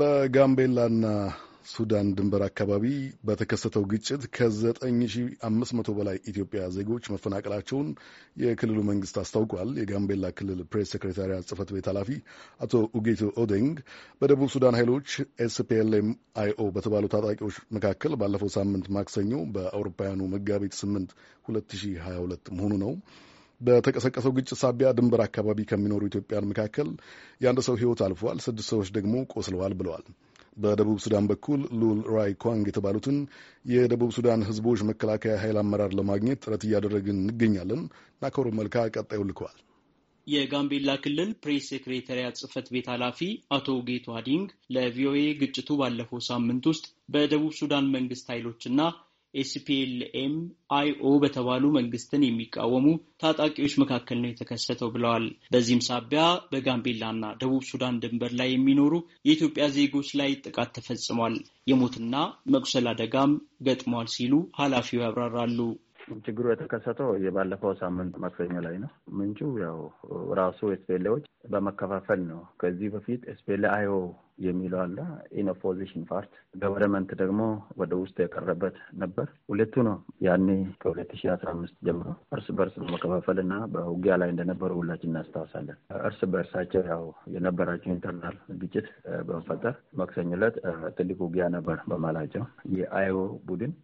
በጋምቤላና ሱዳን ድንበር አካባቢ በተከሰተው ግጭት ከ9500 በላይ ኢትዮጵያ ዜጎች መፈናቀላቸውን የክልሉ መንግስት አስታውቋል። የጋምቤላ ክልል ፕሬስ ሴክሬታሪያት ጽህፈት ቤት ኃላፊ አቶ ኡጌቱ ኦዴንግ በደቡብ ሱዳን ኃይሎች ኤስፒኤልኤም አይኦ በተባሉ ታጣቂዎች መካከል ባለፈው ሳምንት ማክሰኞ በአውሮፓውያኑ መጋቢት 8 2022 መሆኑ ነው በተቀሰቀሰው ግጭት ሳቢያ ድንበር አካባቢ ከሚኖሩ ኢትዮጵያን መካከል የአንድ ሰው ሕይወት አልፏል፣ ስድስት ሰዎች ደግሞ ቆስለዋል ብለዋል። በደቡብ ሱዳን በኩል ሉል ራይ ኳንግ የተባሉትን የደቡብ ሱዳን ህዝቦች መከላከያ ኃይል አመራር ለማግኘት ጥረት እያደረግን እንገኛለን። ናኮር መልካ ቀጣዩ ልከዋል። የጋምቤላ ክልል ፕሬስ ሴክሬታሪያት ጽህፈት ቤት ኃላፊ አቶ ጌቱ አዲንግ ለቪኦኤ ግጭቱ ባለፈው ሳምንት ውስጥ በደቡብ ሱዳን መንግስት ኃይሎችና ኤስፒኤልኤም አይኦ በተባሉ መንግስትን የሚቃወሙ ታጣቂዎች መካከል ነው የተከሰተው ብለዋል። በዚህም ሳቢያ በጋምቤላና ደቡብ ሱዳን ድንበር ላይ የሚኖሩ የኢትዮጵያ ዜጎች ላይ ጥቃት ተፈጽሟል። የሞትና መቁሰል አደጋም ገጥሟል ሲሉ ኃላፊው ያብራራሉ። ችግሩ የተከሰተው የባለፈው ሳምንት ማክሰኞ ላይ ነው። ምንጩ ያው ራሱ ኤስፔሌዎች በመከፋፈል ነው። ከዚህ በፊት ኤስፔሌ አይኦ የሚለው አለ። ኢን ኦፖዚሽን ፓርት ገቨርንመንት ደግሞ ወደ ውስጥ የቀረበት ነበር። ሁለቱ ነው። ያኔ ከሁለት ሺ አስራ አምስት ጀምሮ እርስ በርስ በመከፋፈል እና በውጊያ ላይ እንደነበሩ ሁላችን እናስታውሳለን። እርስ በርሳቸው ያው የነበራቸው ኢንተርናል ግጭት በመፈጠር ማክሰኞ ዕለት ትልቅ ውጊያ ነበር በማላቸው የአይኦ ቡድን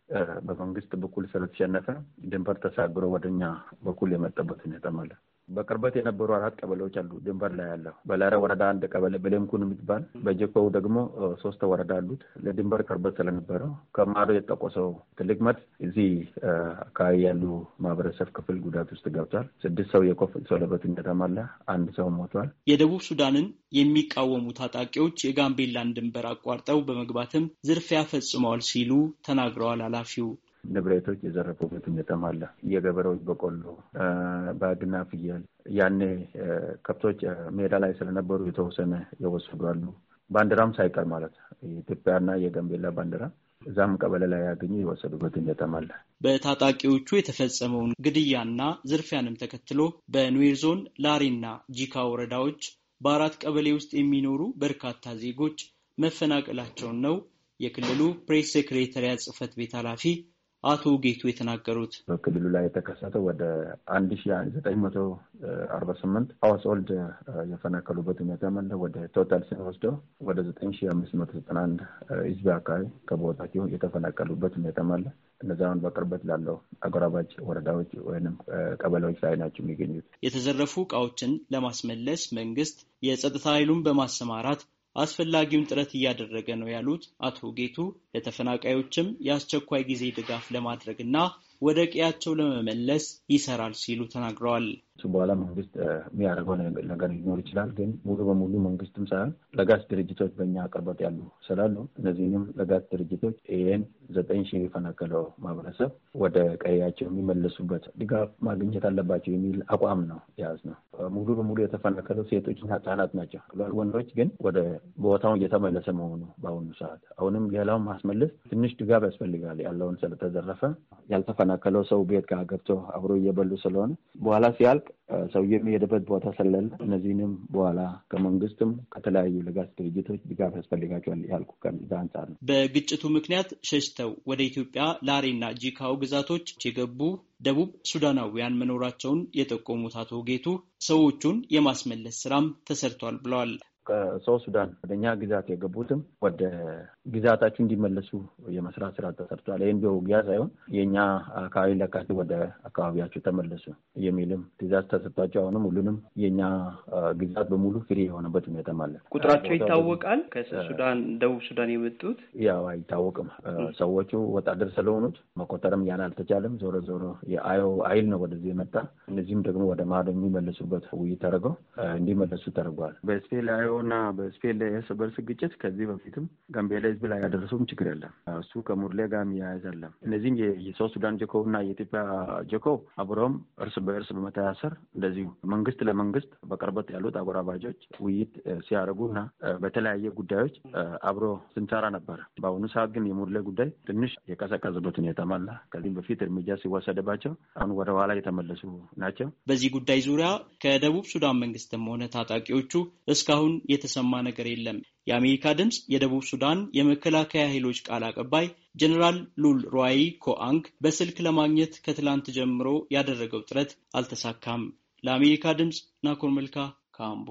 በመንግስት በኩል ስለተሸነፈ ድንበር ተሳግሮ ወደኛ በኩል የመጣበት ሁኔታ ማለት በቅርበት የነበሩ አራት ቀበሌዎች አሉ ድንበር ላይ ያለው በላረ ወረዳ አንድ ቀበሌ በሌምኩን የሚባል በጀኮው ደግሞ ሶስት ወረዳ አሉት ለድንበር ቅርበት ስለነበረው ከማዶ የጠቆሰው ትልቅ መት እዚህ አካባቢ ያሉ ማህበረሰብ ክፍል ጉዳት ውስጥ ገብቷል ስድስት ሰው ሰለበት እንደተማለ አንድ ሰው ሞቷል የደቡብ ሱዳንን የሚቃወሙ ታጣቂዎች የጋምቤላን ድንበር አቋርጠው በመግባትም ዝርፊያ ፈጽመዋል ሲሉ ተናግረዋል ኃላፊው ንብረቶች የዘረፉበት ሁኔታም አለ። የገበሬዎች በቆሎ፣ በግና ፍየል ያኔ ከብቶች ሜዳ ላይ ስለነበሩ የተወሰነ የወሰዷሉ። ባንዲራም ሳይቀር ማለት የኢትዮጵያና የገንቤላ ባንዲራ እዛም ቀበሌ ላይ ያገኙ የወሰዱበት ሁኔታም አለ። በታጣቂዎቹ የተፈጸመውን ግድያና ዝርፊያንም ተከትሎ በኑዌር ዞን ላሪና ጂካ ወረዳዎች በአራት ቀበሌ ውስጥ የሚኖሩ በርካታ ዜጎች መፈናቀላቸውን ነው የክልሉ ፕሬስ ሴክሬታሪያት ጽህፈት ቤት ኃላፊ አቶ ጌቱ የተናገሩት በክልሉ ላይ የተከሰተው ወደ አንድ ሺ ዘጠኝ መቶ አርባ ስምንት ሀውስ ኦልድ የፈናቀሉበት ሁኔታ መለ ወደ ቶታል ስንወስደው ወደ ዘጠኝ ሺ አምስት መቶ ዘጠና አንድ ህዝብ አካባቢ ከቦታቸው የተፈናቀሉበት ሁኔታ መለ እነዚያውን በቅርበት ላለው አጎራባች ወረዳዎች ወይም ቀበሌዎች ላይ ናቸው የሚገኙት። የተዘረፉ እቃዎችን ለማስመለስ መንግስት የጸጥታ ኃይሉን በማሰማራት አስፈላጊውን ጥረት እያደረገ ነው ያሉት አቶ ጌቱ ለተፈናቃዮችም የአስቸኳይ ጊዜ ድጋፍ ለማድረግ እና ወደ ቀያቸው ለመመለስ ይሰራል ሲሉ ተናግረዋል። እሱ በኋላ መንግስት የሚያደርገው ነገር ሊኖር ይችላል። ግን ሙሉ በሙሉ መንግስትም ሳይሆን ለጋስ ድርጅቶች በእኛ አቅርቦት ያሉ ስላሉ እነዚህንም ለጋስ ድርጅቶች ይህን ዘጠኝ ሺህ የፈናቀለው ማህበረሰብ ወደ ቀያቸው የሚመለሱበት ድጋፍ ማግኘት አለባቸው የሚል አቋም ነው የያዝነው። ሙሉ በሙሉ የተፈናቀለው ሴቶችና ህጻናት ናቸው። ወንዶች ግን ወደ ቦታው እየተመለሰ መሆኑ በአሁኑ ሰዓት አሁንም ሌላው ማስመለስ ትንሽ ድጋፍ ያስፈልጋል። ያለውን ስለተዘረፈ ያልተፈናቀለው ሰው ቤት ጋር ገብቶ አብሮ እየበሉ ስለሆነ በኋላ ሲያል ሰውዬ የሚሄድበት ቦታ ስለለ እነዚህንም በኋላ ከመንግስትም ከተለያዩ ለጋስ ድርጅቶች ድጋፍ ያስፈልጋቸዋል ያልኩ ከሚዛ አንጻር ነው። በግጭቱ ምክንያት ሸሽተው ወደ ኢትዮጵያ ላሬና ጂካው ግዛቶች የገቡ ደቡብ ሱዳናውያን መኖራቸውን የጠቆሙት አቶ ጌቱ ሰዎቹን የማስመለስ ስራም ተሰርቷል ብለዋል። ከሰው ሱዳን ወደኛ ግዛት የገቡትም ወደ ግዛታቸው እንዲመለሱ የመስራት ስራ ተሰርቷል። ይህም በውጊያ ሳይሆን የእኛ አካባቢ ለቃችሁ ወደ አካባቢያቸው ተመለሱ የሚልም ትእዛዝ ተሰጥቷቸው አሁንም ሁሉንም የእኛ ግዛት በሙሉ ፍሪ የሆነበት ሁኔታ አለ። ቁጥራቸው ይታወቃል። ከሱዳን ደቡብ ሱዳን የመጡት ያው አይታወቅም። ሰዎቹ ወታደር ስለሆኑት መቆጠርም ያን አልተቻለም። ዞሮ ዞሮ የአዮ አይል ነው ወደዚህ የመጣ እነዚህም ደግሞ ወደ ማዶ የሚመለሱበት ውይይት ተደርገው እንዲመለሱ ተደርጓል። በስፔል አዮ በመላውና በስፔን ላይ እርስ በርስ ግጭት ከዚህ በፊትም ጋምቤላ ህዝብ ላይ ያደረሰውም ችግር የለም። እሱ ከሙርሌ ጋር የሚያያዛለም እነዚህም የሰው ሱዳን ጀኮብ እና የኢትዮጵያ ጀኮብ አብረውም እርስ በእርስ በመተሳሰር እንደዚሁ መንግስት ለመንግስት በቅርበት ያሉት አጎራባጆች ውይይት ሲያደርጉ ሲያደርጉና በተለያየ ጉዳዮች አብሮ ስንሰራ ነበረ። በአሁኑ ሰዓት ግን የሙርሌ ጉዳይ ትንሽ የቀሰቀዝበት ሁኔታ ማላ ከዚህም በፊት እርምጃ ሲወሰደባቸው አሁን ወደ ኋላ የተመለሱ ናቸው። በዚህ ጉዳይ ዙሪያ ከደቡብ ሱዳን መንግስትም ሆነ ታጣቂዎቹ እስካሁን የተሰማ ነገር የለም። የአሜሪካ ድምፅ የደቡብ ሱዳን የመከላከያ ኃይሎች ቃል አቀባይ ጀኔራል ሉል ሩዋይ ኮአንግ በስልክ ለማግኘት ከትላንት ጀምሮ ያደረገው ጥረት አልተሳካም። ለአሜሪካ ድምፅ ናኮር መልካ ካምቦ